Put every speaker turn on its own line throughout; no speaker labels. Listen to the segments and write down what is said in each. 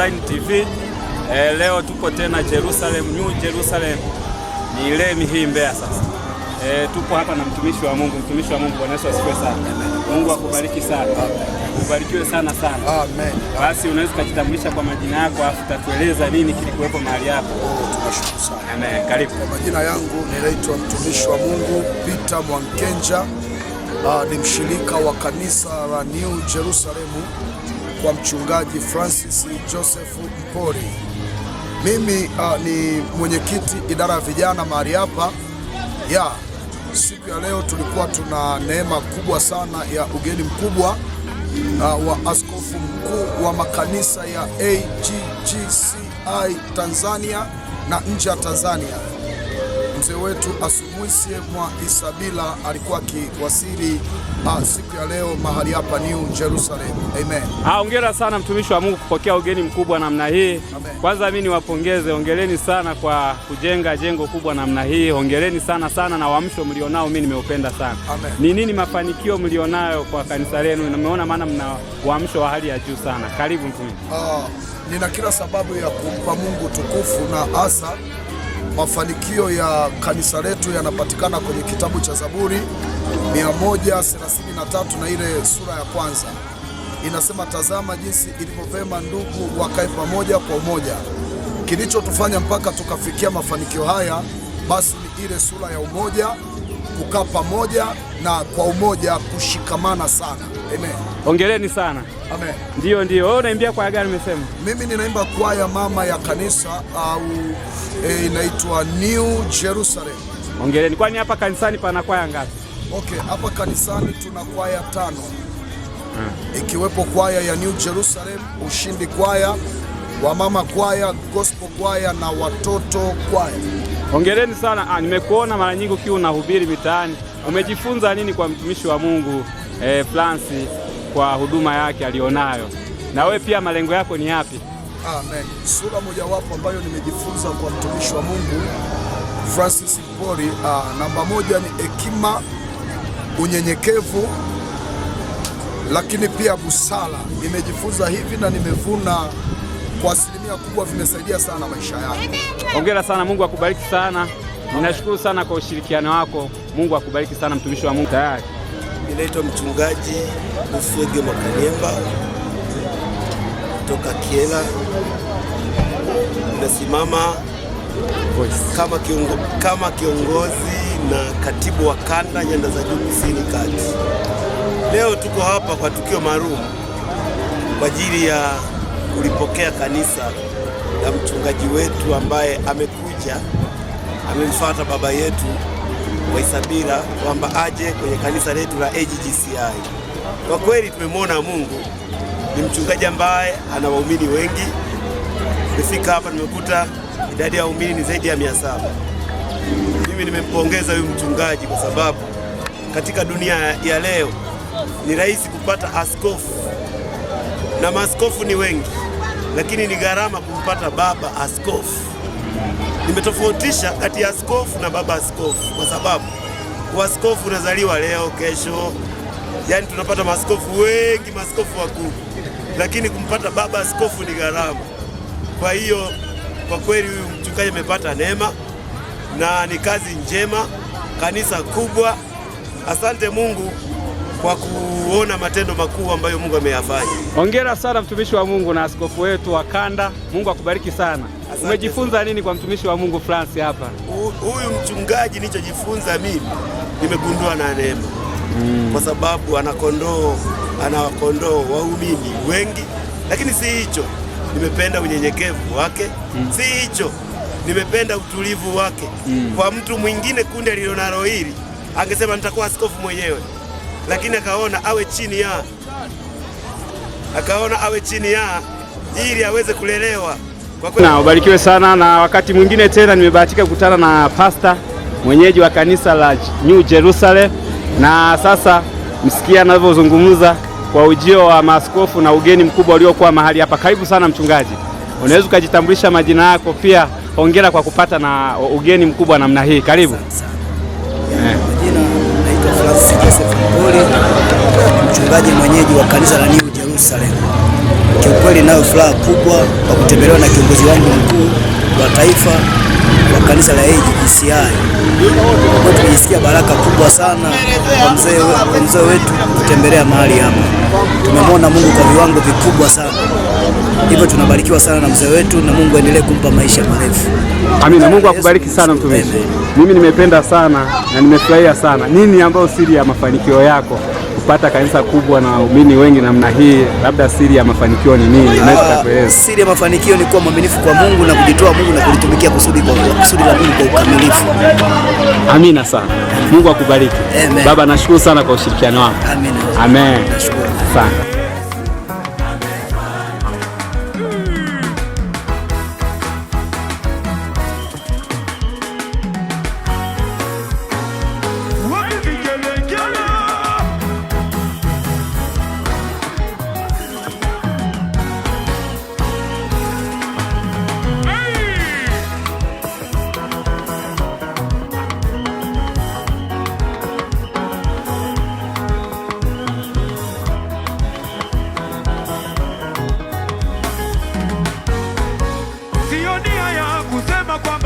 Online TV. E, eh, leo tupo tena Jerusalem, New Jerusalem ni lemi hii Mbeya sasa. E, tupo hapa na mtumishi wa Mungu. Mtumishi wa Mungu, Bwana Yesu asifiwe sana. Mungu akubariki sana, ubarikiwe sana sana. Amen. Basi unaweza kujitambulisha kwa majina yako, afu tatueleza nini kilikuwepo mahali hapo.
Oh, tunashukuru sana. Amen. Karibu. Kwa majina yangu ninaitwa mtumishi wa Mungu Peter Mwankenja, ah, ni mshirika wa kanisa la New Jerusalem kwa mchungaji Francis Joseph Mpori. Mimi uh, ni mwenyekiti idara ya vijana mahali hapa ya yeah. Siku ya leo tulikuwa tuna neema kubwa sana ya ugeni mkubwa uh, wa askofu mkuu wa makanisa ya AGGCI Tanzania na nje ya Tanzania mzee wetu Asumwisi mwa Isabila alikuwa akiwasili ah, siku ya leo mahali hapa New Jerusalem. Amen.
Ah, hongera sana mtumishi wa Mungu kupokea ugeni mkubwa namna hii. Kwanza mimi niwapongeze, hongereni sana kwa kujenga jengo kubwa namna hii. Hongereni sana sana na uamsho mlionao mimi nimeupenda sana. Ni nini mafanikio mlionayo kwa kanisa lenu? Nimeona maana mna uamsho wa hali ya juu sana. Karibu mtumishi. Ah,
nina kila sababu ya kumpa Mungu tukufu na hasa mafanikio ya kanisa letu yanapatikana kwenye kitabu cha Zaburi 133 na ile sura ya kwanza inasema, tazama jinsi ilivyo vema ndugu wakae pamoja kwa umoja. Kilichotufanya mpaka tukafikia mafanikio haya basi ni ile sura ya umoja, kukaa pamoja na kwa umoja kushikamana sana. Amen.
Hongereni sana. Amen. Ndio, ndio. Wewe unaimbia kwaya gani umesema?
Mimi ninaimba kwaya mama ya kanisa au e, inaitwa New Jerusalem.
Hongereni. Kwani hapa kanisani pana kwaya ngapi?
Okay, hapa kanisani tuna kwaya tano ah. ikiwepo kwaya ya New Jerusalem, ushindi kwaya, wamama kwaya, gospel kwaya na watoto kwaya.
Hongereni sana. Ah, nimekuona mara nyingi ukiwa unahubiri mitaani. Umejifunza nini kwa mtumishi wa Mungu eh, Fransi kwa huduma yake aliyonayo. Na wewe pia malengo yako ni yapi?
Amen. Sura mojawapo ambayo nimejifunza kwa mtumishi wa Mungu Francis Mpori, uh, namba moja ni hekima, unyenyekevu, lakini pia busara. Nimejifunza hivi na nimevuna kwa asilimia kubwa, vimesaidia sana maisha yangu.
Hongera sana, Mungu akubariki sana. Ninashukuru sana kwa ushirikiano wako. Mungu akubariki sana mtumishi wa Mungu. Tayari.
Naitwa mchungaji Buswege Mwakanyemba kutoka Kiela. Nasimama kama, kiongo, kama kiongozi na katibu wa kanda nyanda za juu kusini kati. Leo tuko hapa kwa tukio maalum kwa ajili ya kulipokea kanisa la mchungaji wetu ambaye amekuja amemfuata baba yetu waisabira kwamba aje kwenye kanisa letu la AGGCI. Kwa kweli tumemwona Mungu, ni mchungaji ambaye ana waumini wengi. Tumefika hapa nimekuta idadi ya waumini ni zaidi ya mia saba. Mimi nimempongeza huyu mchungaji kwa sababu katika dunia ya leo ni rahisi kupata askofu na maaskofu ni wengi, lakini ni gharama kumpata baba askofu nimetofautisha kati ya askofu na baba askofu, kwa sababu waskofu unazaliwa leo, kesho. Yani tunapata maskofu wengi, maskofu wakuu, lakini kumpata baba askofu ni gharama. Kwa hiyo kwa kweli huyu mchungaji amepata neema na ni kazi njema, kanisa kubwa. Asante Mungu kwa kuona matendo makuu ambayo Mungu ameyafanya.
Hongera sana mtumishi wa Mungu na askofu wetu wa kanda. Mungu akubariki sana. Asante. Umejifunza nini kwa mtumishi wa Mungu Fransi hapa?
Huyu mchungaji, nilichojifunza mimi nimegundua na neema mm. kwa sababu ana kondoo waumini wengi, lakini si hicho, nimependa unyenyekevu wake mm. si hicho, nimependa utulivu wake mm. kwa mtu mwingine kunde lilonalo hili angesema nitakuwa askofu mwenyewe lakini akaona awe chini ya akaona awe chini ya ili aweze kulelewa
na ubarikiwe sana. Na wakati mwingine tena nimebahatika kukutana na pasta mwenyeji wa kanisa la New Jerusalem, na sasa msikia anavyozungumza kwa ujio wa maaskofu na ugeni mkubwa uliokuwa mahali hapa. Karibu sana mchungaji, unaweza ukajitambulisha majina yako pia. Hongera kwa kupata na ugeni mkubwa namna hii, karibu.
ni mchungaji mwenyeji wa kanisa la New Jerusalem. Kiukweli nayo furaha kubwa kwa kutembelewa na kiongozi wangu mkuu wa taifa wa kanisa la AGCI. Kwa tumejisikia baraka kubwa sana kwa mzee wetu kutembelea mahali hapa. Tumemwona Mungu kwa viwango vikubwa sana. Hivyo tunabarikiwa sana na mzee wetu, na Mungu aendelee kumpa maisha marefu.
Amina, Mungu akubariki sana mtumishi. Mimi nimependa sana na nimefurahia sana. Nini ambayo siri ya mafanikio yako kupata kanisa kubwa na waumini wengi namna hii, labda siri ya mafanikio ni nini? Ah, Unaweza kueleza?
Siri ya mafanikio ni kuwa mwaminifu kwa Mungu na kujitoa Mungu na kulitumikia kusudi kwa kusudi la Mungu kwa ukamilifu.
Amina sana, Mungu akubariki. Baba, nashukuru sana kwa ushirikiano wako. Amina. Amen.
Nashukuru sana.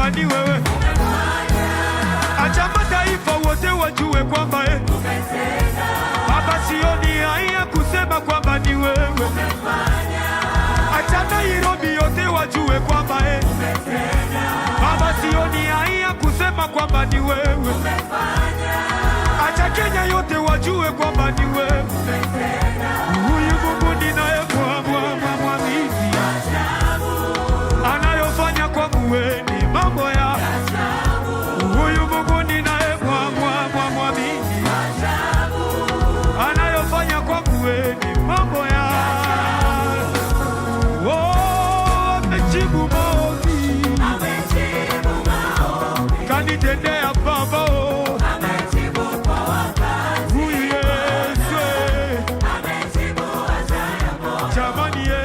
amani wewe, acha mataifa wote wajue kwamba eh. Baba sioni haya kusema kwamba ni wewe, acha Nairobi yote wajue kwamba eh. Baba sioni haya kusema kwamba ni wewe, acha Kenya yote wajue kwamba Germany. Eh.